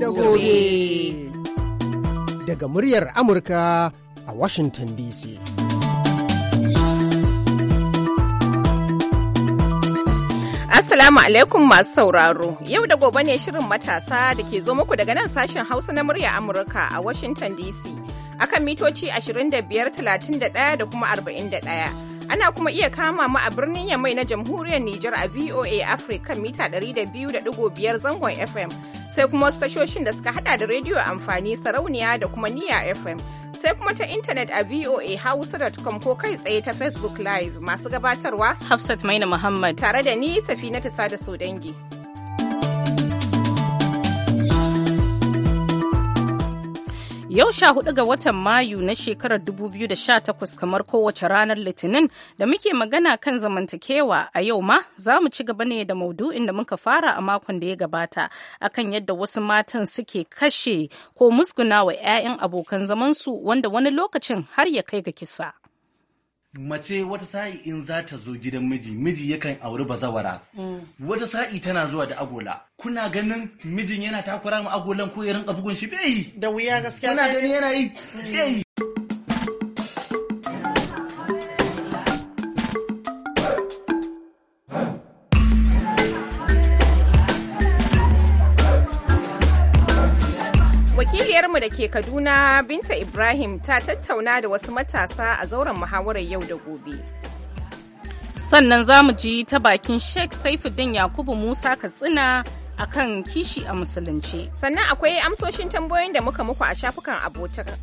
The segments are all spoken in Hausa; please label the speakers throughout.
Speaker 1: da gobe.
Speaker 2: Daga muryar Amurka a Washington DC.
Speaker 1: Assalamu alaikum masu sauraro, yau da gobe ne shirin matasa da ke zo muku daga nan sashen Hausa na murya Amurka a Washington DC. Akan mitoci 25,31 da kuma 41. ana kuma iya kama mu a birnin yamai na jamhuriyar Nijar a VOA Africa mita 200.5 zangon FM sai kuma wasu tashoshin da suka hada da rediyo amfani sarauniya da kuma niya fm sai kuma ta intanet a voa hausa.com ko kai tsaye ta facebook live masu gabatarwa hafsat maina muhammad tare da ni safina ta sada sodangi
Speaker 3: Yau sha hudu ga watan Mayu na shekarar 2018 kamar kowace ranar Litinin da muke magana kan zamantakewa a yau ma za mu ci gaba ne da maudu'in da muka fara a makon da ya gabata akan yadda wasu matan suke kashe ko musguna wa 'ya'yan abokan zamansu wanda wani lokacin har ya kai ga kisa.
Speaker 4: mace wata sa'i in za ta zo gidan miji miji yakan auri bazawara wata sa'i tana zuwa da agola kuna ganin mijin yana takura ma agolan ko ya rinka shi bai
Speaker 5: da wuya gaskiya kuna ganin yana yi mm. bai
Speaker 1: Ƙungiyarmu da ke Kaduna Binta Ibrahim ta tattauna da wasu matasa a zauren muhawarar yau da gobe.
Speaker 3: Sannan za mu ji ta bakin Sheikh Saifuddin Yakubu Musa Katsina
Speaker 1: a kan kishi a musulunci. Sannan akwai amsoshin tambayoyin da muka muku a shafukan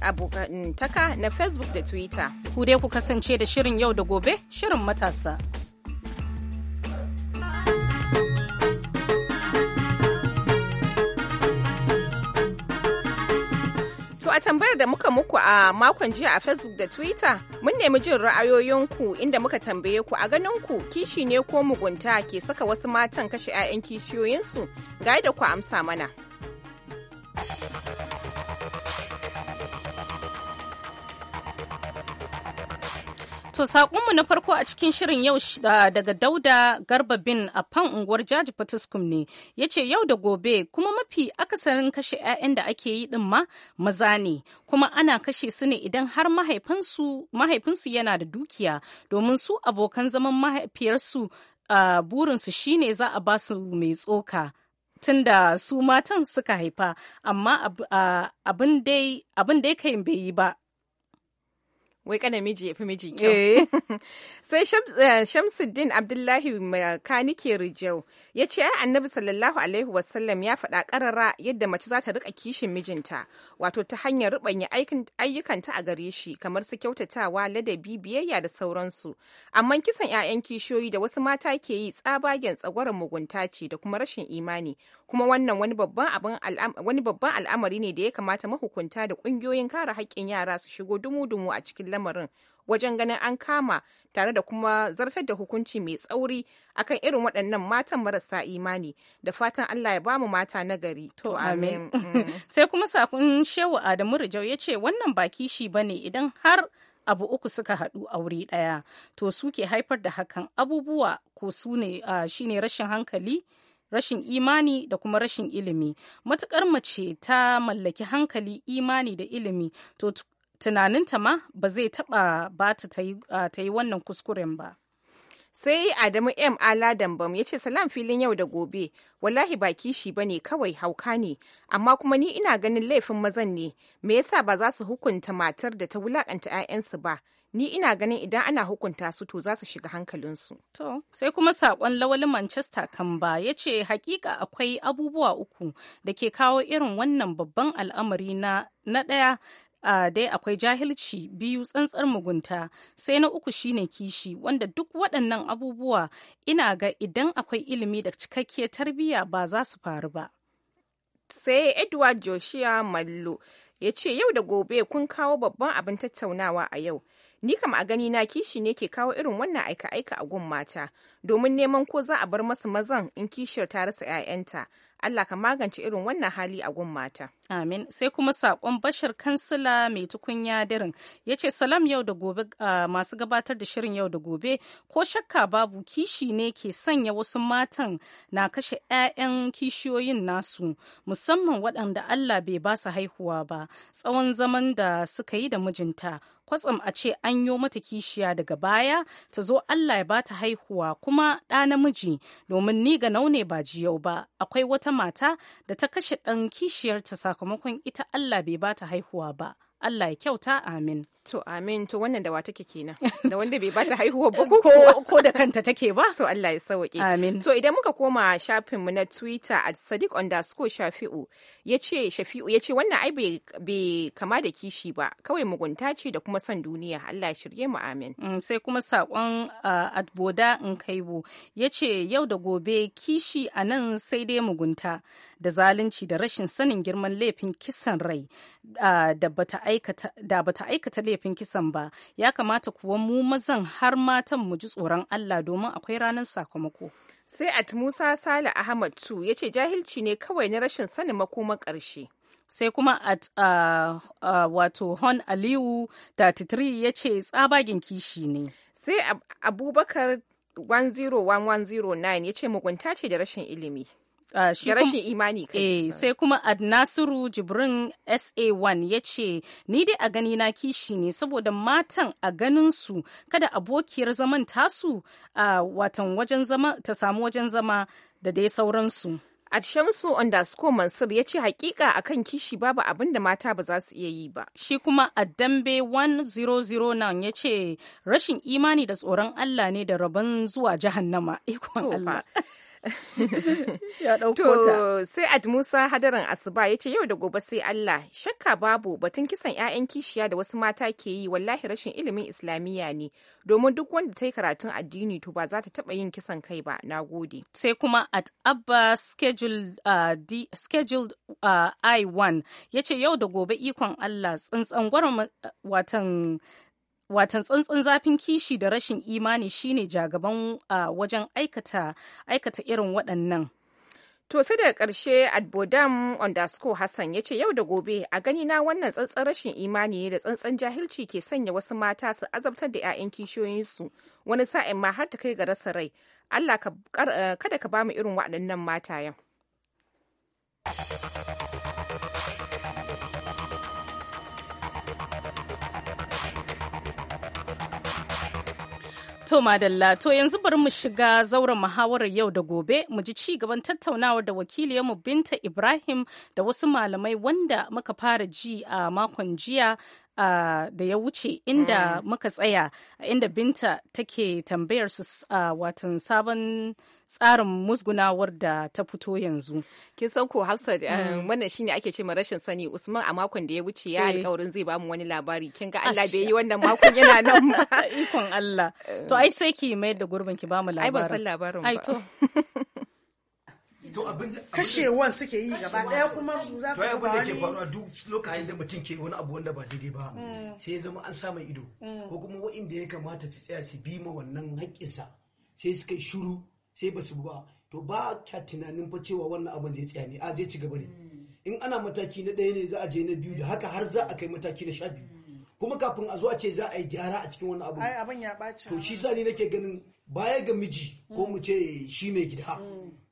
Speaker 1: abokantaka na Facebook da Twitter. Ku dai ku kasance da shirin yau da gobe,
Speaker 3: shirin matasa.
Speaker 1: a tambayar da muka muku a makon jiya a Facebook da Twitter, mun nemi jin ra'ayoyinku inda muka tambaye ku a ganin ku kishi ne ko mugunta ke saka wasu matan kashe 'ya'yan kishiyoyinsu ga da ku amsa mana. To saƙonmu na farko
Speaker 3: a cikin shirin yau daga Dauda Garba bin a fan unguwar Jaji Fatuskum ne ya ce yau da gobe kuma mafi akasarin kashe 'ya'yan da ake yi ɗin ma maza ne kuma ana kashe su ne idan har mahaifinsu yana da dukiya domin su abokan zaman mahaifiyarsu a burinsu shine za a ba su mai tsoka. tun da su matan suka haifa amma abin
Speaker 1: dai kai bai yi ba wai kada miji ya fi miji kyau. Eh. Sai eh, Shamsuddin Abdullahi Makanike Rijau ya ce ai Annabi sallallahu alaihi wasallam ya faɗa ƙarara yadda mace za ta rika kishin mijinta wato ta hanyar rubanya ayyukanta a gare shi kamar su kyautatawa ladabi biyayya da sauransu. Amma kisan 'ya'yan kishiyoyi da wasu mata ke yi tsabagen tsagwaron mugunta ce da kuma rashin imani kuma wannan wani babban al'amari ne da ya kamata mahukunta da ƙungiyoyin kare haƙƙin yara su shigo dumu-dumu a cikin lamarin wajen ganin an kama tare da kuma zartar da hukunci mai tsauri akan irin waɗannan matan marasa imani da fatan Allah ya ba mu mata nagari to amin
Speaker 3: mm. sai kuma sakon shehu Adamu Rijau ya ce wannan ba kishi ba ne idan har abu uku suka haɗu a wuri ɗaya to su ke haifar da hakan abubuwa ko su ne shine rashin hankali rashin imani da kuma rashin ilimi matuƙar mace ta mallaki hankali imani da ilimi to tunaninta ma ba zai taɓa ba ta yi wannan kuskuren
Speaker 1: ba. sai adamu m aladambam ya ce salam filin yau da gobe wallahi ba kishi ba ne kawai hauka ne amma kuma ni ina ganin laifin mazan ne me yasa ba za su hukunta matar da ta wulakanta 'ya'yansu ba ni ina ganin idan ana hukunta su to za su shiga hankalinsu.
Speaker 3: To, sai kuma saƙon lawali Manchester kanba ya ce hakika akwai abubuwa uku da ke kawo irin wannan babban al'amari na na ɗaya uh, dai akwai jahilci biyu tsantsar mugunta sai na uku shine kishi wanda duk waɗannan abubuwa ina ga idan akwai ilimi da cikakkiyar tarbiyya ba za
Speaker 1: su faru ba. sai edward joshua mallu ya ce yau da gobe kun kawo babban abin tattaunawa a yau ni kam a gani na kishi ne ke kawo irin wannan aika-aika a gun mata domin neman ko za a bar masu mazan in kishiyar ta rasa 'ya'yanta Allah ka magance irin wannan hali a gun mata. Amin. Sai kuma saƙon bashar
Speaker 3: kansila mai tukunya dirin ya ce salam yau da gobe masu gabatar da shirin yau da gobe ko shakka babu kishi ne ke sanya wasu matan na kashe 'ya'yan kishiyoyin nasu musamman waɗanda Allah bai ba su haihuwa ba tsawon zaman da suka yi da mijinta kwatsam a ce an yo mata kishiya daga baya ta zo Allah ya bata haihuwa kuma ɗa namiji domin ni ga naune ba jiyau ba akwai wata mata da ta kashe ɗan kishiyarta sakamakon ita Allah bai bata haihuwa ba
Speaker 1: Allah ya kyauta amin. To amin to wannan da wa take kenan da wanda bai bata haihuwa ba ko ko da kanta take ba to Allah ya sauke amin to idan muka koma shafin mu na Twitter at Sadiq underscore Shafi'u yace Shafi'u yace wannan ai bai kama da kishi ba kawai mugunta ce da kuma son duniya Allah ya shirye mu amin mm, sai kuma sakon
Speaker 3: kai bu yace yau da gobe kishi a nan sai dai mugunta da zalunci da rashin sanin girman laifin kisan rai da bata da bata aikata laifin kisan ba ya kamata kuwa mu mazan har matan mu
Speaker 1: ji tsoron Allah domin akwai ranar sakamako sai at Musa Sale Ahmad tu yace jahilci ne kawai na rashin sanin makoman ƙarshe sai
Speaker 3: kuma at uh, uh,
Speaker 1: wato hon aliyu 33 ya ce tsabagen kishi ne sai abubakar 101109 ya ce mugunta ce da rashin ilimi Uh, rashin imani kai eh, sai
Speaker 3: kuma adnasiru jibrin sa1 ya ce ni dai a gani na kishi ne saboda matan a ganin su kada abokiyar zaman tasu a uh, watan wajen zama ta samu wajen zama da dai sauransu Adshamsu underscore Mansur ya ce hakika akan kishi babu abin da mata ba za su iya yi ba. Shi kuma a dambe 1009 ya ce rashin imani da tsoron Allah ne da rabon zuwa jahannama. Ikon Allah.
Speaker 1: To sai Ad Musa hadarin Asuba ya ce yau da gobe sai Allah shakka babu batun kisan 'ya'yan kishiya da wasu mata ke yi wallahi rashin ilimin islamiyya ne domin duk wanda ta yi karatun addini to ba za ta taba yin kisan kai ba na gode.
Speaker 3: Sai kuma at Abba scheduled, uh, uh I1 ya ce yau da gobe ikon Allah tsantsan uh, watan watan tsantsan zafin kishi da rashin imani shine jagaban wajen aikata irin waɗannan To sai
Speaker 1: daga ƙarshe Adbodam underscore Hassan ya ce yau da gobe a gani na wannan tsantsan rashin imani ne da tsantsan jahilci ke sanya wasu mata su azabtar da 'ya'yan kishiyoyinsu wani sa'in ma har ta kai ga rasa rai. Allah eh, kada ka bamu irin waɗannan yau.
Speaker 3: To madalla to yanzu bari mu shiga zauren muhawarar yau da gobe mu ji ci gaban tattaunawar da wakiliyarmu Binta Ibrahim da wasu malamai wanda muka fara ji a makon jiya Uh, da ya wuce inda mm. muka tsaya inda binta take tambayar su uh, watan sabon tsarin musgunawar da ta fito yanzu.
Speaker 1: Kin san ko Hafsat eh, mm. wannan shine ake ce rashin sani Usman a makon da ya wuce ya eh. alƙawarin zai bamu wani labari kin ga
Speaker 6: Allah da yi wannan makon yana nan ma.
Speaker 1: Ikon Allah. Eh. To ai sai
Speaker 3: ki mayar da gurbin ki bamu labarin. Ai ban san labarin ba. Ai to.
Speaker 2: kashewan
Speaker 5: suke yi gaba daya kuma za ka ga wani to faruwa
Speaker 2: duk lokacin da mutum ke wani abu wanda ba daidai ba mm. sai ya zama an sa mai ido mm. ko kuma waɗanda ya kamata su tsaya su bi ma wannan haƙƙinsa sai suka yi sai ba su ba to ba kya tunanin fa cewa wannan abin zai tsaya ne a zai ci gaba ne hmm. in ana mataki na ɗaya ne za a je na biyu da haka har za a kai mataki na sha biyu hmm. kuma kafin a zo a ce za a yi gyara a cikin wannan abin
Speaker 5: abin ya ɓaci to shi
Speaker 2: sani ni nake ganin baya ga miji ko hmm. mu ce shi mai gida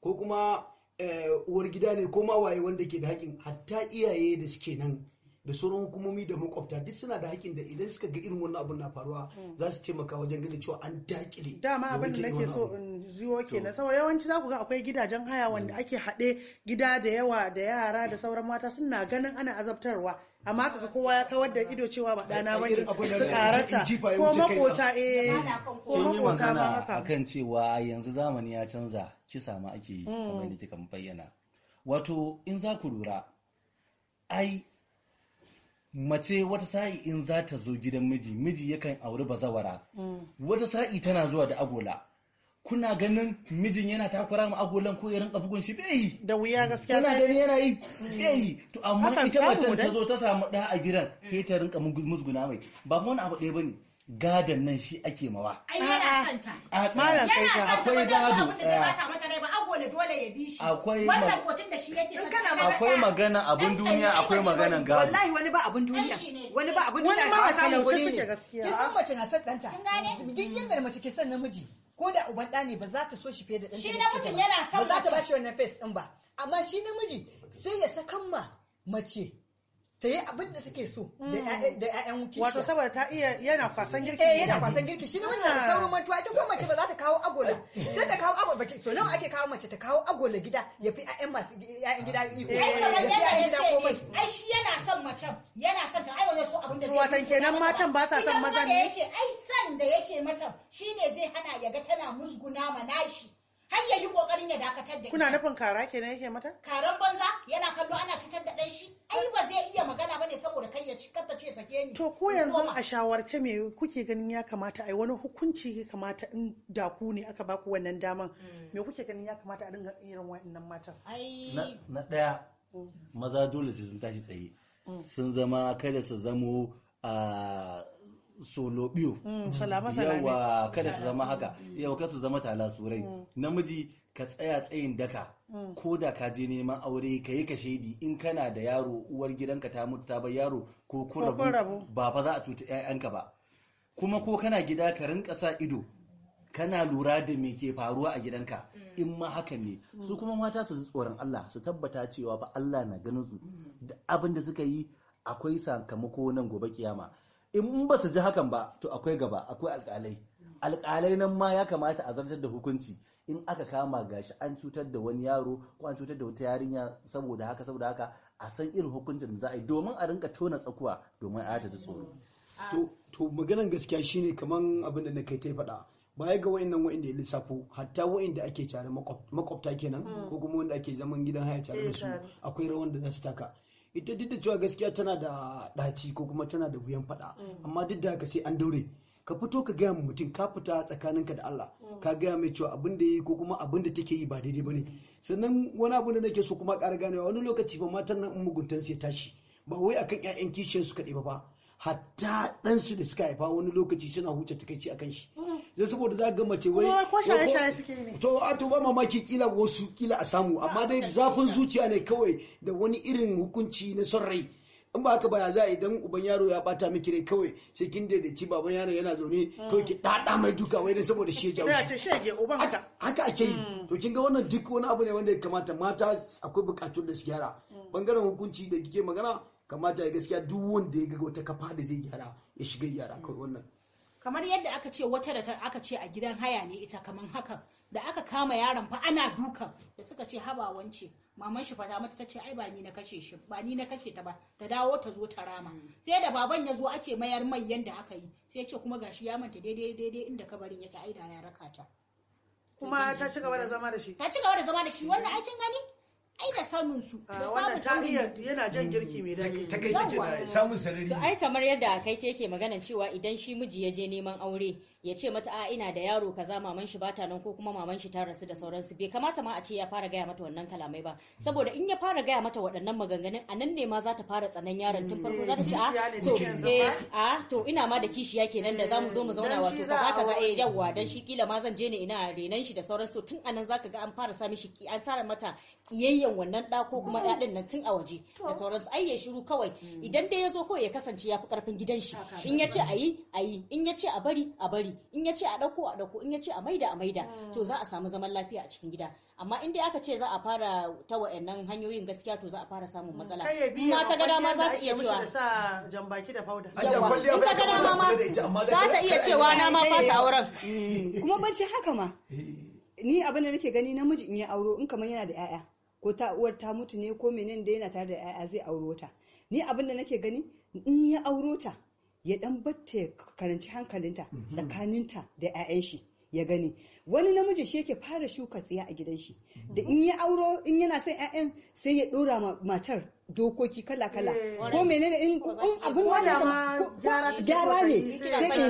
Speaker 2: ko kuma eh, uwar gida ne ko ma waye wanda ke da haƙin hatta iyaye da suke nan da sauran hukumomi da makwabta duk suna da haƙƙin da idan suka ga irin wannan abun na faruwa hmm. za su taimaka wajen ganin cewa an dakile
Speaker 5: dama abin da nake so in zuwo kenan saboda yawanci za ku ga akwai gidajen haya hmm. wanda ake haɗe gida da yawa da yara da hmm. sauran mata suna ganin ana azabtarwa amma kaga kowa ya kawar da ido cewa ba dana bane su karata ko makota eh ko makota ba haka
Speaker 4: akan cewa yanzu zamani ya canza kisa samu ake yi kamar da kika bayyana wato in za ku lura ai mace wata sa'i in za ta zo gidan miji miji yakan auri bazawara mm. wata sa'i tana zuwa da agola kuna ganin mijin yana takura ma agolan ko irin bugun shi bai da
Speaker 5: wuya gaskiya kuna ganin yana yi mm. bai to amma ita matan ta
Speaker 4: zo ta samu da a gidan mm. sai ta rinka musguna mai ba mu wani abu ɗaya bane gadon nan shi ake mawa.
Speaker 5: Ai yana
Speaker 7: santa. Malam kai ka akwai gado. Eh. Akwai wannan
Speaker 8: kotun da shi yake santa. Akwai
Speaker 4: magana abun duniya akwai magana gado.
Speaker 8: Wallahi wani ba abun duniya. Wani ba abun duniya. Wani ma a talauce suke gaskiya. Kisan mace na san danta. Kin gane? Duk yadda mace ke son namiji. ko da uban ɗa ne ba za ta so shi fiye da ɗan shi namijin yana son ba za ta ba shi wannan face ɗin ba amma shi namiji sai ya sakan ma mace ta yi abin da take so da hmm. ƴaƴan kishiya wato saboda ta iya yana kwasan girki eh yana kwasan girki shi ne wannan ah. sauran mantuwa ita ko mace ba za ta kawo agola sai ta kawo agola baki so nawa ake kawo mace ta kawo agola gida ya fi ƴaƴan masu ƴaƴan gida ah. iko eh, ya fi ƴaƴan gida komai
Speaker 7: ai shi yana son macen yana son ta ai ba so abin da zai watan kenan matan ba sa son mazan ne yake ai san da yake mata shine zai hana ya ga tana musguna ma nashi har ya yi kokarin ya dakatar da kuna nufin
Speaker 5: kara kenan yake mata
Speaker 7: karan banza yana kallo ana cutar da dan shi ai ba zai iya magana bane saboda kai ya ta ce sake ni to ko yanzu a
Speaker 5: shawarce me kuke ganin ya kamata ai wani hukunci ya kamata in da ku ne aka baku wannan daman hmm. me kuke ganin ya kamata a dinga irin wa'annan matan ai na daya hmm.
Speaker 4: maza dole sai sun tashi tsaye hmm. sun zama kada su zamo a ah, solobiyo mm, yawa kada su zama haka yawa kada su zama surai mm. namiji ka tsaya tsayin daka mm. ko da ka je neman aure ka yi ka shaidi in kana da yaro uwar gidanka ta mutu ta bar yaro ko kurabu rabu ba fa za a cuta 'ya'yanka ba kuma ko kana gida ka rinka sa ido kana lura da me ke faruwa a gidanka in ma haka ne su kuma mata su tsoron Allah su tabbata cewa ba Allah na ganin su da abin da suka yi akwai sakamako nan gobe kiyama in ba su ji hakan ba to akwai gaba akwai alkalai alkalai nan ma ya kamata a zartar da hukunci in aka kama gashi an cutar da wani yaro ko an cutar da wata yarinya saboda haka saboda haka a san irin hukuncin da za a yi domin a rinka tona tsakuwa domin a ta tsoro to maganan gaskiya shine kaman abin da na kai ta faɗa baya
Speaker 2: ga wa'annan wa'anda ya lissafo hatta wa'anda ake tare makwabta kenan mm. ko kuma wanda ake zaman gidan haya tare da eh, su akwai rawan da za su taka ita duk da cewa gaskiya tana da ɗaci ko kuma tana da wuyan faɗa mm. amma duk da haka sai an daure ka fito ka gaya ma mutum ka fita tsakaninka da Allah mm. ka gaya mai cewa abin da yi ko kuma abin da take yi ba daidai bane sannan wani abu da nake so kuma ƙara ganewa wani lokaci ba matan nan muguntan sai tashi ba wai akan ƴaƴan kishiyar su kaɗai ba hatta ɗansu da suka haifa wani lokaci suna huce takaici akan shi zai saboda za ga mace wai ko to a to ba mamaki kila wasu kila a samu amma dai zafin zuciya ne kawai da wani irin hukunci na son rai in ba haka ba za idan uban yaro ya bata miki rai kawai sai kin daidaici baban yaro yana zaune to mm. ki dada mai duka wai dai saboda shi jawo sai haka ake yi mm. to kin ga wannan duk wani abu ne wanda ya kamata mata akwai bukatun da su gyara mm. bangaren hukunci da kike magana kamata ya gaskiya duk wanda ya ga wata kafa da zai gyara ya shiga gyara kawai wannan
Speaker 7: kamar yadda aka ce wata da aka ce a gidan haya ne ita kamar haka da aka kama yaron fa ana dukan da suka ce haba wance maman shi fata mata tace ai ba ni na kashe shi ba ni na kashe ta ba ta dawo ta zo ta rama mm. sai da baban ya zo ake mayar mai yanda aka yi sai ce kuma gashi ya manta daidai daidai inda kabarin yake ai da ya raka ta kuma ta ci gaba da zama da shi ta ci gaba da zama da shi wannan aikin gani
Speaker 5: ai da samun su da ah, samun ta iya yana jan girki mai daɗi ta kai take samun sarari to
Speaker 9: ai kamar yadda kai ce yake magana cewa idan shi miji ya je neman aure ya ce mata a ina da yaro kaza maman shi bata nan ko kuma maman shi ta rasu da sauransu bai kamata ma a ce ya fara gaya mata wannan kalamai ba saboda in ya fara gaya mata waɗannan maganganun a nan ne ma za ta fara tsanan yaron tun farko za ta ce a to eh, a to ina ma da kishiya kenan da za mu zo mu zauna wato kaza kaza eh yawa dan shi kila ma zan je ne ina renan shi da sauransu tun anan zaka ga an fara sa mishi ki an sara mata kiyayyen wannan da ko kuma ɗaɗin nan tun a waje da sauransu ai ya shiru kawai hmm. idan dai ya zo kawai ya kasance ya fi karfin gidan shi in ya ce ayi ayi in ya ce a bari a bari bari in ya ce a ɗauko a ɗauko in ya ce a maida a maida mm. to za a samu zaman lafiya a cikin gida amma in dai aka ce za a fara ta wa'annan hanyoyin gaskiya to za a fara samun matsala ta gada ma za ta iya cewa
Speaker 5: in ta gada
Speaker 6: ma za ta iya cewa na ma fasa auren eh.
Speaker 8: kuma ban ce haka ma eh. ni abin da nake gani namiji in ya auro in kamar yana da 'ya'ya ko ta uwar ta mutu ne ko menene da yana tare da 'ya'ya zai auro ta ni abin da nake gani in ya auro ta ya dan batte karanci hankalinta mhm. tsakaninta da 'ya'yan shi ya gani wani namiji shi yake fara shuka tsiya a gidan shi mhm. da in ya auro in yana son 'ya'yan sai ya dora matar dokoki kala-kala eh. ko menene in abun wanda ma gyara ne sai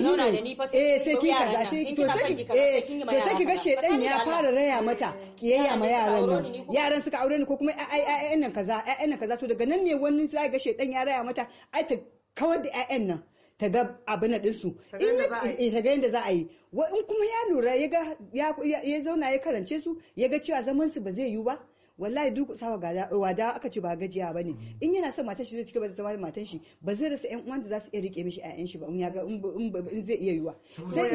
Speaker 8: eh, ki sai ki kaza sai ki to sai ki eh to sai ki ga shedan ya fara raya mata eh. kiyayya ma yaran nan yaran suka aure ni ko kuma ai ai nan kaza ai nan kaza to daga nan ne wani sai ga shedan ya raya mata ai ta kawar da 'ya'yan nan ta ga abin ɗinsu in ta ga yadda za a yi eh, in kuma ya lura ya zauna ya karance su ya ga cewa zaman su ba zai yiwu ba wallahi durkusawa wada aka ce ba gajiya ba ne mm. in yana son matan shi zai cika ba zama matan shi ba zai rasa yan uwan da za su iya rike mishi ayan shi ba in ya ga in zai iya yiwa sai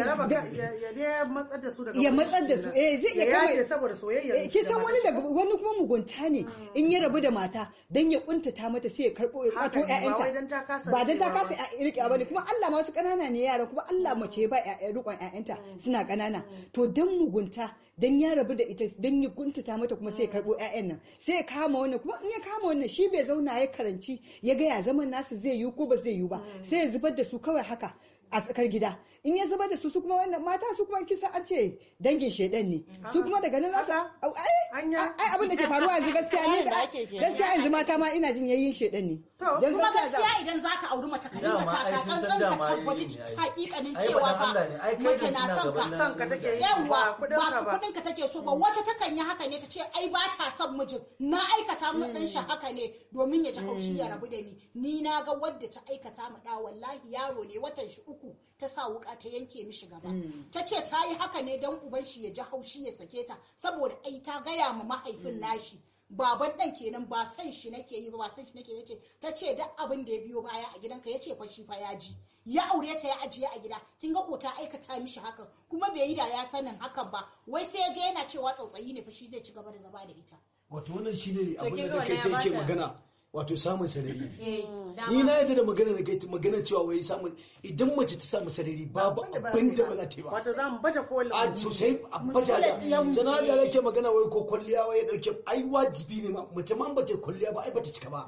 Speaker 8: ya matsar
Speaker 5: da su daga ya matsar da su eh zai iya kama saboda soyayya eh, ke san wani daga
Speaker 8: wani kuma mugunta ne mm. in ya rabu da mata dan ya kuntata mata sai ya karbo ya kwato ƴaƴanta ba dan ta kasa rike ba ne kuma Allah ma wasu kanana ne yara kuma Allah mm. mace ba ƴaƴan rikon ƴaƴanta suna kanana to dan mugunta dan ya rabu da ita dan ya guntuta mata kuma sai karbo ƴaƴan nan sai ya kama wannan kuma in ya kama wannan shi bai zauna ya karanci ya ga ya zaman nasu zai yi ko ba zai yi ba mm. sai ya zubar da su kawai haka a tsakar gida in ya zubar da su su kuma wannan mata su kuma kisa an ce dangin shedan ne su kuma daga nan za su ai abin da ke faruwa yanzu gaskiya ne da gaskiya yanzu mata ma ina jin yayin shedan ne dan kuma gaskiya
Speaker 7: idan zaka auri mace ka dinga san tsantsan ka tabbaci hakikanin cewa ba mace na son ka son ka take yawa ba kudin ka take so ba mm. wace takan yi haka ne ta ce ai ba ta son mijin na aikata mu dan shi mm. haka ne domin ya ji haushi ya mm. rabu da ni ni na ga wadda ta aikata mu da wallahi yaro ne watan shi uku ta sa wuka ta yanke mishi gaba mm. ta ce ta yi haka ne don uban shi ya ji haushi ya sake ta saboda ai ta gaya ma mahaifin mm. nashi baban dan kenan ba san shi nake yi ba san shi nake yace ta ce duk abin da ya biyo baya a gidanka yace fa shi fa ya ji ya aure ta ya ajiye a gida kin ga ko ta aikata mishi haka kuma bai yi da ya sanin hakan ba wai sai ya je yana cewa tsautsayi ne fa shi zai ci gaba da zaba da ita
Speaker 2: wato wannan shine abin da kai take magana wato samun sarari
Speaker 5: eh, ni na yadda
Speaker 2: da magana na gaiti magana cewa wai samun idan mace ta samu sarari babu abin da ba za ta yi ba
Speaker 5: wato za mu baje kolin a sosai a baje da sana da yake
Speaker 2: magana wai ko kwalliya wai dauke ai wajibi ne ma mace ma ba ta kwalliya ba ai ba ta cika ba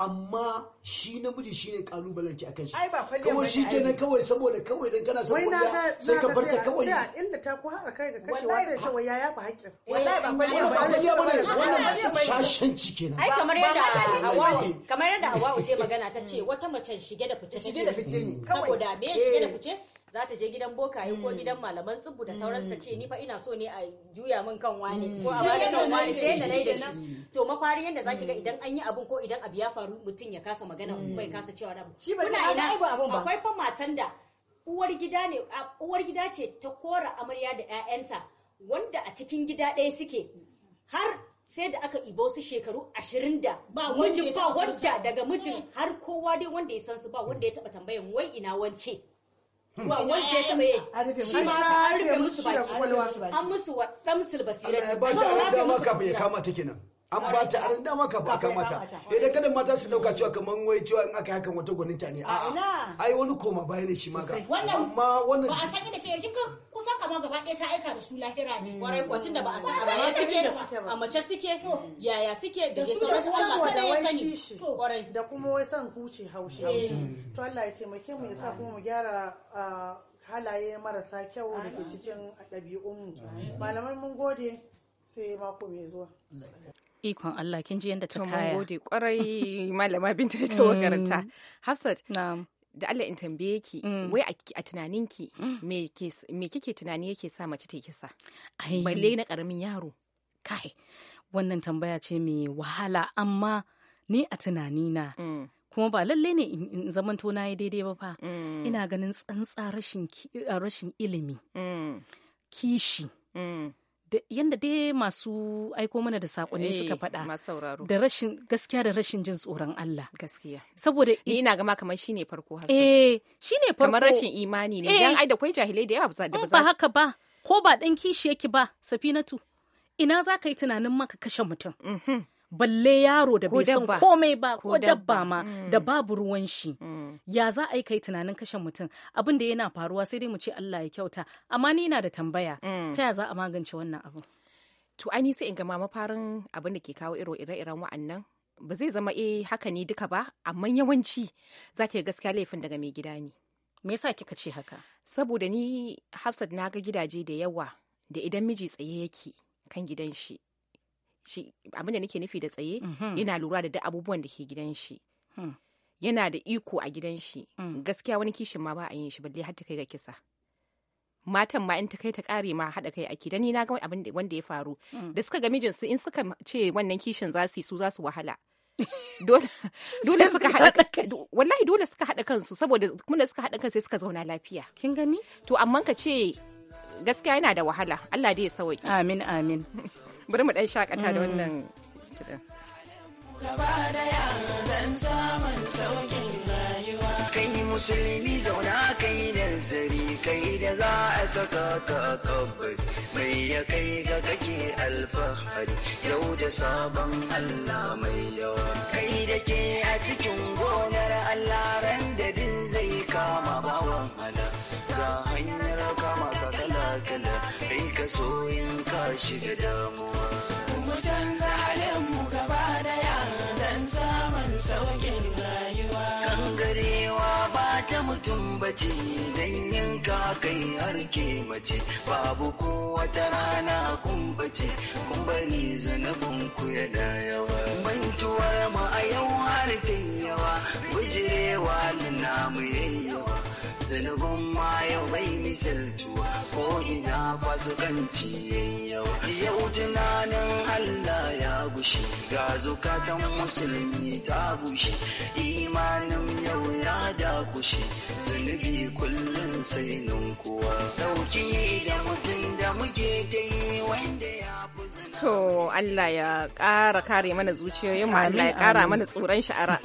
Speaker 2: amma shi namiji shi ne kalubalen ki akan shi
Speaker 5: kawai shi ke na
Speaker 2: kawai saboda kawai don kana son kuliya sai ka barta kawai
Speaker 5: inda ta ko har kai ga kashewa da shawa ya yaba hakki wallahi ba kwaliya eh, ba kwalliya ba wannan shashin
Speaker 6: ci kenan ai kamar yadda hawawu
Speaker 9: kamar yadda hawawu ce magana ta ce wata mace shige da fice shige da fice ne saboda me shige da fice za ta je gidan bokaye ko hmm. gidan malaman tsibbu da sauransu ta ce hmm. ni fa ina so ne a juya min kan wani hmm. ko a bani kan wani sai da nai da nan to mafarin za zaki ga idan an yi abun ko idan abu ya faru mutum ya kasa magana bai kasa cewa da shi ina akwai fa matan da uwar gida ce ta kora amarya da 'ya'yanta wanda a cikin gida ɗaya suke har sai da aka ibo su shekaru ashirin da mijin ba wanda daga mijin har kowa dai wanda ya san su ba wanda ya taba tambayan wai ina wance Hmm. wanda ya taba yi shi ma an rufe musu baki an wa ta da ta
Speaker 2: kenan an ba ta aran dama ka ba kamata idan kada mata su dauka cewa kamar wai cewa in aka hakan wata ta ne a'a ai wani koma baya ne shi ma amma
Speaker 7: wannan ba a sani da sai kin kusa ma gaba ɗaya ta
Speaker 9: aika da su lahira ne kwarai kwatin da ba a san a suke a mace suke yaya suke
Speaker 5: da su da kuma da wai kishi da kuma wai san kuce haushi eh. to Allah ya taimake mu ya sa kuma mu gyara halaye marasa kyau da ke cikin ɗabi'unmu malamai mun gode sai mako mai zuwa
Speaker 1: ikon Allah kin ji yadda ta kaya. Mun gode kwarai malama binta ta wakaranta. Mm. Hafsat. Na'am. da Allah in tambaye ki mm. wai a tunanin ki mm. me kike tunani yake sa mace ta kisa balle na karamin yaro kai
Speaker 3: wannan tambaya ce mai wahala amma ni a tunanina mm. kuma ba lalle ne in zamanto na yi daidai ba fa ina ganin tsantsa rashin ilimi kishi yadda dai masu aiko mana da sakonni eh, suka
Speaker 1: faɗa da
Speaker 3: rashin gaskiya da rashin jin tsoron Allah gaskiya
Speaker 1: saboda ni ina gama kamar shine farko
Speaker 3: hasa eh shine farko kamar rashin imani ne dan eh. ai da kwai jahilai da yawa ba za ba haka ba ko ba dan kishi yake ba safinatu ina za ka yi tunanin maka kashe mutum mhm. balle yaro da bai san komai ba ko dabba ma da mm. babu ruwan shi mm. ya za a yi kai tunanin kashe mutum abin da yana faruwa sai dai mu ce Allah ya kyauta amma ni na da tambaya mm. ta ya
Speaker 1: za a magance wannan abu to ai sai in ga mafarin abin da ke kawo iro ire-iren wa'annan ba zai zama eh haka ne duka ba amma yawanci za ki gaskiya laifin daga mai gida ne me yasa kika ce haka saboda ni hafsat na ga gidaje da yawa da idan miji tsaye yake kan gidan shi shi abin da nake nufi da tsaye yana mhm. lura da duk abubuwan da ke gidan shi hmm. yana da iko a gidan shi hmm. gaskiya wani kishin ma ba a yin shi balle har ta kai ga kisa matan ma in ta kai ta kare ma haɗa kai ake dan ni na ga abin wanda ya faru hmm. da suka ga mijinsu in suka ce wannan kishin za su su za su wahala dole suka haɗa wallahi dole suka haɗa kansu saboda kuma suka haɗa kansu sai suka zauna lafiya kin gani to amma ka ce gaskiya yana da wahala Allah dai ya sauke amin amin bari mu dan shakata da mm. wannan shirin
Speaker 10: gaba daya dan samun saukin kai musulmi zauna kai nazari kai da za a saka ka kabari mai ya kai ga kake alfahari yau da sabon Allah mai yawa kai da ke a cikin gonar Allah ran da din zai kama bawan masoyin ka shiga damuwa mu canza halinmu gaba daya dan samun sauƙin rayuwa kangarewa ba ta mutum bace dan yanka kai harke mace babu ko rana kun bace kun bari zanabin ku ya da yawa mantuwar mu a yau har ta yawa gujewa na mu yayyawa zanubin ma yau bai misaltu ko ina fasikanci yau yau tunanin Allah ya gushe ga zukatan musulmi ta gushe imanin yau ya dakushe zunubi kullum sai ninkuwa dauki da mutum da muke ta yi wanda ya
Speaker 1: To Allah ya ƙara kare mana zuciyoyinmu Allah ya ƙara mana tsoron shi a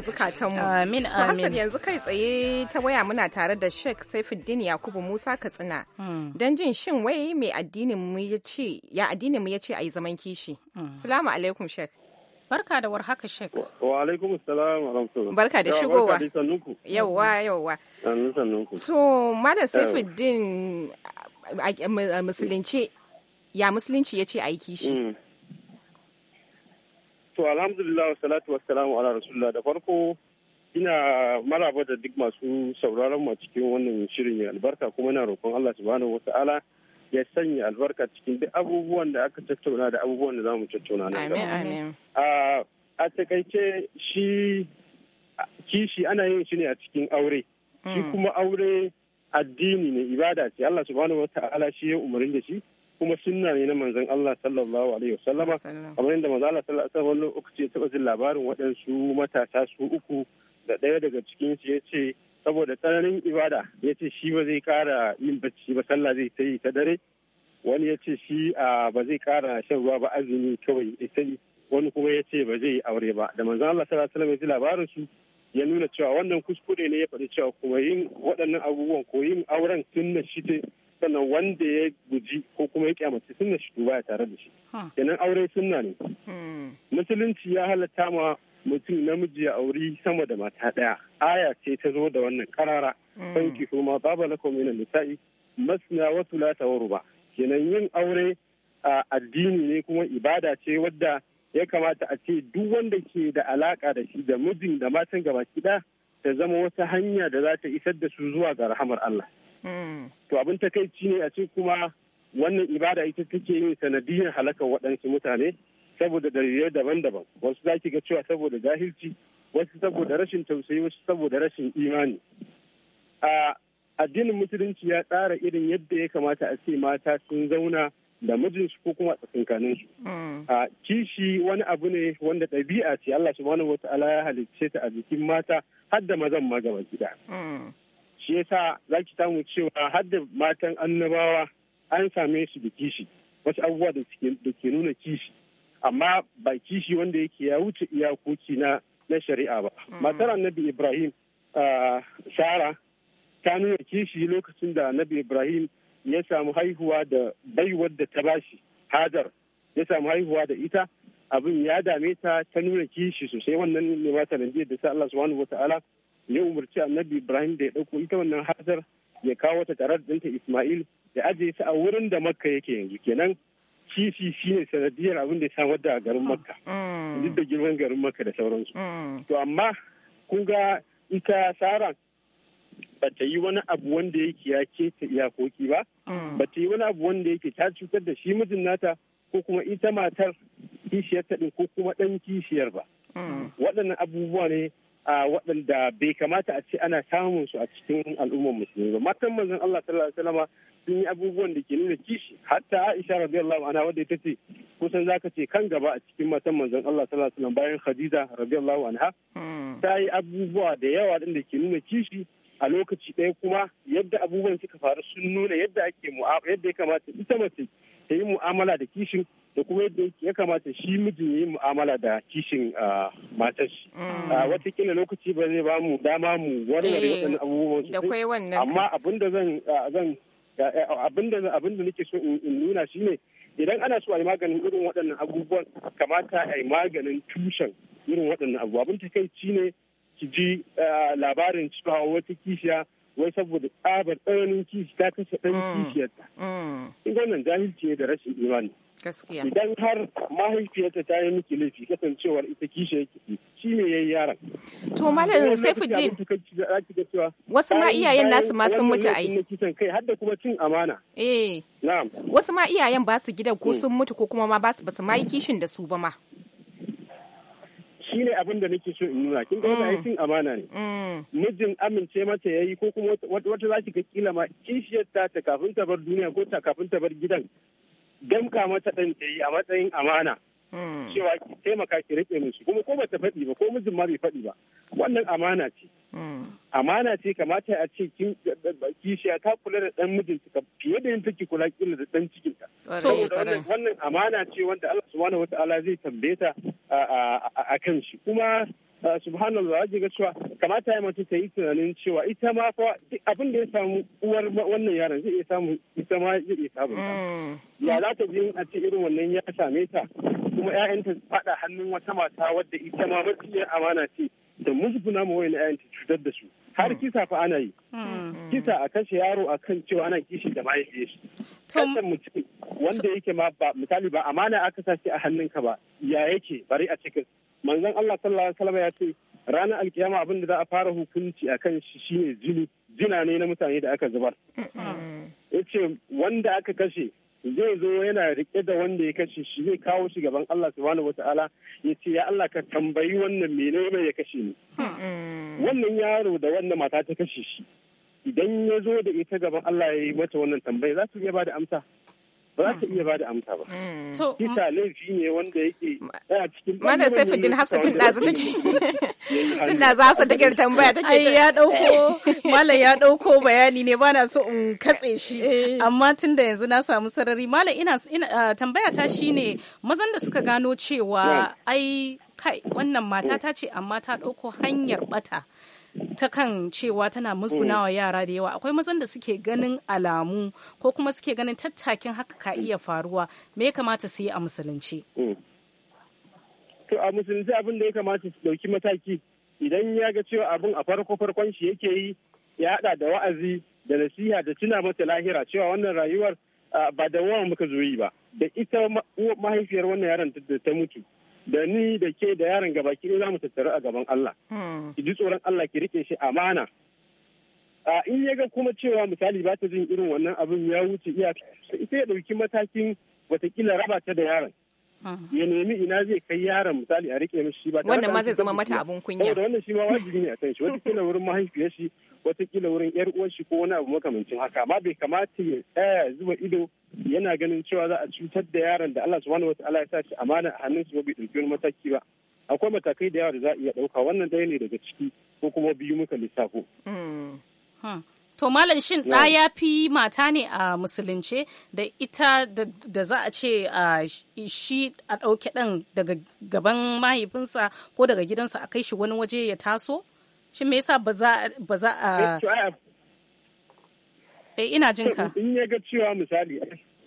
Speaker 1: zukatanmu. Amin amin. To yanzu kai tsaye ta waya muna tare da Sheikh Saifuddin Yakubu Musa Katsina hmm. don jin shin wai mai addinin mu ya ce ya addinin mu ya ce ayi zaman kishi. Hmm. Salamu alaikum Sheikh. Barka da warhaka Sheikh.
Speaker 11: Wa alaikum assalam wa Barka da shigowa. Yawwa yawwa. Sannunku.
Speaker 1: So Malam Saifuddin musulunci ya musulunci ya ce ayi kishi. Hmm.
Speaker 11: To alhamdulillah wa salatu wa salamu ala rasulullah da farko ina maraba da duk masu sauraron mu cikin wannan shirin ya albarka kuma na roƙon Allah subhanahu ta'ala ya sanya albarka cikin duk abubuwan da aka tattauna da abubuwan da za mu tattauna na gaba. A takaice shi kishi ana yin shi ne a cikin aure. Shi mm. kuma aure addini ne ibada ce Allah subhanahu ta'ala shi ya umarni da shi. kuma sunna ne na manzon Allah sallallahu alaihi wasallama kamar yadda manzon Allah sallallahu alaihi wasallam lokaci ya taba jin labarin waɗansu matasa su uku da ɗaya daga cikin shi ya ce saboda tsananin ibada ya ce shi ba zai kara yin bacci ba sallah zai ta yi ta dare wani ya ce shi ba zai kara shan ruwa ba azumi kawai ita wani kuma ya ce ba zai aure ba da manzan Allah sallallahu alaihi wasallam ya ji labarin su ya nuna cewa wannan kuskure ne ya faɗi cewa kuma yin waɗannan abubuwan ko yin auren sunna shi ce sannan wanda ya guji ko kuma ya kyamaci sunna shi ya tare da shi kenan aure sunna ne hmm. musulunci ya halatta ma mutum namiji ya auri sama da mata ɗaya aya ce ta zo da wannan karara banki mm. kuma baba na komina nisa'i masna wasu lata wa kenan yin aure a addini ne kuma ibada ce wadda ya kamata a ce duk wanda ke da alaka da shi da mijin da matan gaba kiɗa ta zama wata hanya da za ta isar da su zuwa ga rahamar Allah. Mm. To abin takaici ne a ce kuma wannan ibada ita take yin sanadiyar halakar waɗansu mutane saboda dalilai daban-daban wasu za ki ga cewa saboda jahilci wasu saboda rashin tausayi wasu saboda rashin imani a addinin musulunci ya tsara irin yadda ya kamata a ce mata sun zauna da mijinsu ko kuma tsakankanin mm. a kishi wani abu ne wanda ɗabi'a ce Allah subhanahu wata'ala ya halicce ta a jikin mata har da mazan ma gaba gida mm. shi yasa zaki samu cewa har da matan annabawa an same su da kishi wasu abubuwa da ke nuna kishi amma ba kishi wanda yake ya wuce iyakoki na na shari'a ba mm. matar annabi ibrahim sara ta nuna kishi lokacin da annabi ibrahim ya samu haihuwa da baiwar da ta bashi hajar ya samu haihuwa da ita abin ya dame ta ta nuna kishi sosai wannan ne mata da da sa Allah subhanahu wataala ya umarci annabi ibrahim da ya dauko ita wannan hajar ya kawo ta tarar dinta isma'il ya ajiye ta a wurin da makka yake yanzu kenan kifi shi ne sanadiyar abin da ya samar da garin makka
Speaker 6: mm. duk da
Speaker 11: girman garin makka da sauransu mm. to amma kun ga ita sara ba ta yi wani abu wanda yake ya keta iyakoki ba mm. ba ta yi wani abu wanda yake ta cutar da shi mijin nata ko kuma ita matar kishiyar ta ko kuma dan kishiyar ba waɗannan abubuwa ne a waɗanda bai kamata a ce ana samun su a cikin al'ummar musulmi ba matan manzon Allah sallallahu alaihi wasallam sun yi abubuwan da ke nuna kishi hatta Aisha radiyallahu anha wadda ita ce kusan zaka ce kan gaba a cikin matan manzon Allah sallallahu alaihi bayan Khadija radiyallahu anha
Speaker 6: hmm. ta
Speaker 11: yi abubuwa da yawa da ke nuna kishi a lokaci ɗaya kuma yadda abubuwan suka faru sun nuna yadda ake yadda ya kamata ita mace ta yi mu'amala da kishin da kuma yadda ya kamata shi mijin ya yi mu'amala da kishin ah, matar shi. Mm. Ah, watakila lokaci ba zai ba mu dama mu warware eh, waɗannan abubuwan sosai. Amma abin da zan ah, eh, abin da nake so in nuna shi ne idan ana so a yi maganin irin waɗannan abubuwan kamata a yi maganin tushen irin waɗannan abubuwa. Abin takaici ne ki ji labarin cewa wata kishiya wai saboda tsabar tsananin kishi ta kashe ɗan mm. kishiyarta. In
Speaker 6: mm.
Speaker 11: wannan jahilci ne da rashin imani. Gaskiya. Idan har mahaifiyarta ta yi miki laifi kasancewar ita kishi yake shi ne yi yaron. To malam Saifuddin. Wasu ma iyayen nasu ma sun mutu a yi. kai har da kuma cin amana. Eh. Na'am.
Speaker 1: Wasu ma iyayen ba su gidan ko mm. sun mutu ko kuma ma ba su ma yi kishin da su ba ma.
Speaker 11: shi ne abin da nake so in nuna kin ga wannan aikin mm. amana ne mm. mijin amince mata yayi ko kuma wata zaki ga kila ma kishiyar ta ta kafin ta bar duniya ko ta kafin ta bar gidan damka mata dan tayi a matsayin amana cewa ki taimaka ki riƙe musu kuma ko ta faɗi ba ko mijin ma bai faɗi ba wannan amana ce amana ce kamata a ce kishiya ta kula da ɗan mijinta ka fiye da yin ke kula kila da ɗan cikinta saboda wannan amana ce wanda Allah subhanahu wataala zai tambaye ta a kan shi kuma subhanallah ji ga cewa kamata ya mace ta yi tunanin cewa ita ma fa abin da ya samu uwar wannan yaron zai iya samu ita ma zai iya samu mm. ya za ta je a ce irin wannan ya same ta kuma 'ya'yanta faɗa hannun wata mata wadda ita ma matsiyar amana ce da musguna ma wayan 'ya'yanta cutar da su har mm. kisa fa ana yi mm. kisa a kashe yaro a kan cewa ana kishi da mahaifiyar shi kasan mutum wanda yake ma ba misali ba amana aka sace a hannun ka ba ya yake bari a cikin manzon Allah sallallahu alaihi wasallam ya ce ranar alkiyama abin da za a fara hukunci a kan shi shine zini zina ne na mutane da aka zubar yace wanda aka kashe zai zo yana rike da wanda ya kashe shi zai kawo shi gaban Allah subhanahu wataala ya ce ya Allah ka tambayi wannan mene ya kashe ni
Speaker 6: hmm.
Speaker 11: wannan yaro da wannan mata ta kashe shi idan ya zo da ita gaban Allah ya yi mata wannan tambaya za su iya ba da amsa ba za hmm. ta iya ba da amsa ba. Kisa hmm. laifi ne wanda yake a cikin Mana sai hafsa tun ɗazu take. Tun ɗazu hafsa take da tambaya take. Ai ya
Speaker 3: ɗauko, malam ya ɗauko bayani ne bana so in katse shi. Eh. Amma tun da yanzu na samu sarari. Malam ina ah, tambaya ta shine mazan da suka gano cewa ai kai wannan mata ta ce amma ta ɗauko hanyar ɓata. ta kan cewa tana musgunawa yara da yawa akwai mazan da suke ganin alamu ko kuma suke ganin tattakin haka ka iya faruwa me ya kamata su yi a musulunci
Speaker 11: mm. to a musulunci abin da ya kamata su dauki mataki idan ya ga cewa abin a farko farkon shi yake yi ya hada da wa'azi da nasiha da tuna mata lahira cewa wannan rayuwar ah, ba da wawan muka zo ba da ita mahaifiyar wannan yaron da ta mutu da ni da ke da yaron gaba ki za mu tattara a gaban Allah
Speaker 6: hmm. ki ji tsoron
Speaker 11: Allah ki rike shi amana a in ya ga kuma cewa misali ba ta jin irin wannan abin ya wuce iya ita ya dauki matakin watakila raba ta da yaron hmm. ya nemi ina zai kai yaron misali a rike mishi ba wannan ma zai zama mata abun kunya wannan shi ma wajibi ne a kan shi wata kila wurin mahaifiyar shi watakila wurin yar uwar shi ko wani abu makamancin haka amma bai kamata ya tsaya zuba ido yana ganin cewa za a cutar da yaron da Allah subhanahu wataala ya sa shi amana a hannun su ba bai dauki mataki ba akwai matakai da yawa da za a iya dauka wannan ɗaya ne daga ciki ko kuma biyu muka lissafo.
Speaker 3: Hmm. Hmm. To malam shin ɗa ya fi mata ne a musulunce da ita da za a ce shi a ɗauke ɗan daga gaban mahaifinsa ko daga gidansa a kai shi wani waje ya taso? Shin me yasa ba za a
Speaker 6: eh,
Speaker 11: eh ina jin ka. In ya ga cewa misali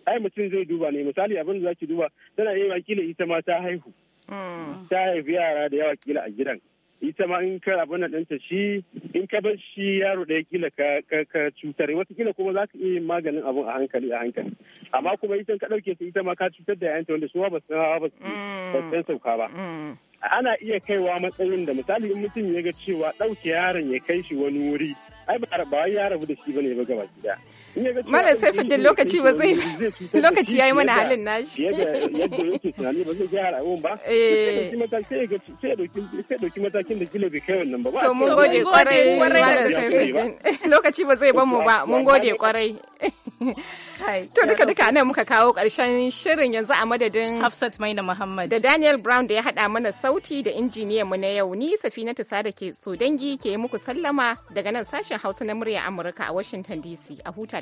Speaker 11: ai mutum zai duba ne misali abin da zaki duba tana iya wakila ita ma ta haihu. Hmm. Ta haifi yara da yawa kila a gidan. ita ma in ka abin da ɗanta shi in ka bar shi yaro ɗaya kila ka cutar watakila kuma za ka iya maganin abin a hankali a hankali amma kuma ita ka ɗauke su ita ma ka cutar da yayanta wanda su ba su hmm. ba su san sauka ba. Hmm. ana iya kaiwa matsayin da misali in mutum ya ga cewa ɗauke yaron ya kai shi wani wuri ai ba ba ya rabu da shi bane ba gaba gida Mala Saifuddin lokaci ba zai lokaci yayi mana halin nashi. Yadda yake tunani ba zai gyara abun ba. Eh. Sai dauki matakin da kila bai kai wannan ba. To mun gode kwarai Mala Saifuddin.
Speaker 1: Lokaci ba zai bamu ba mun gode kwarai. To duka duka nan muka kawo ƙarshen shirin yanzu a madadin Hafsat Maina Muhammad da Daniel Brown da ya haɗa mana sauti da injiniya mu na yau ni Safina Sada ke so dangi ke muku sallama daga nan sashen Hausa na murya Amurka a Washington DC a huta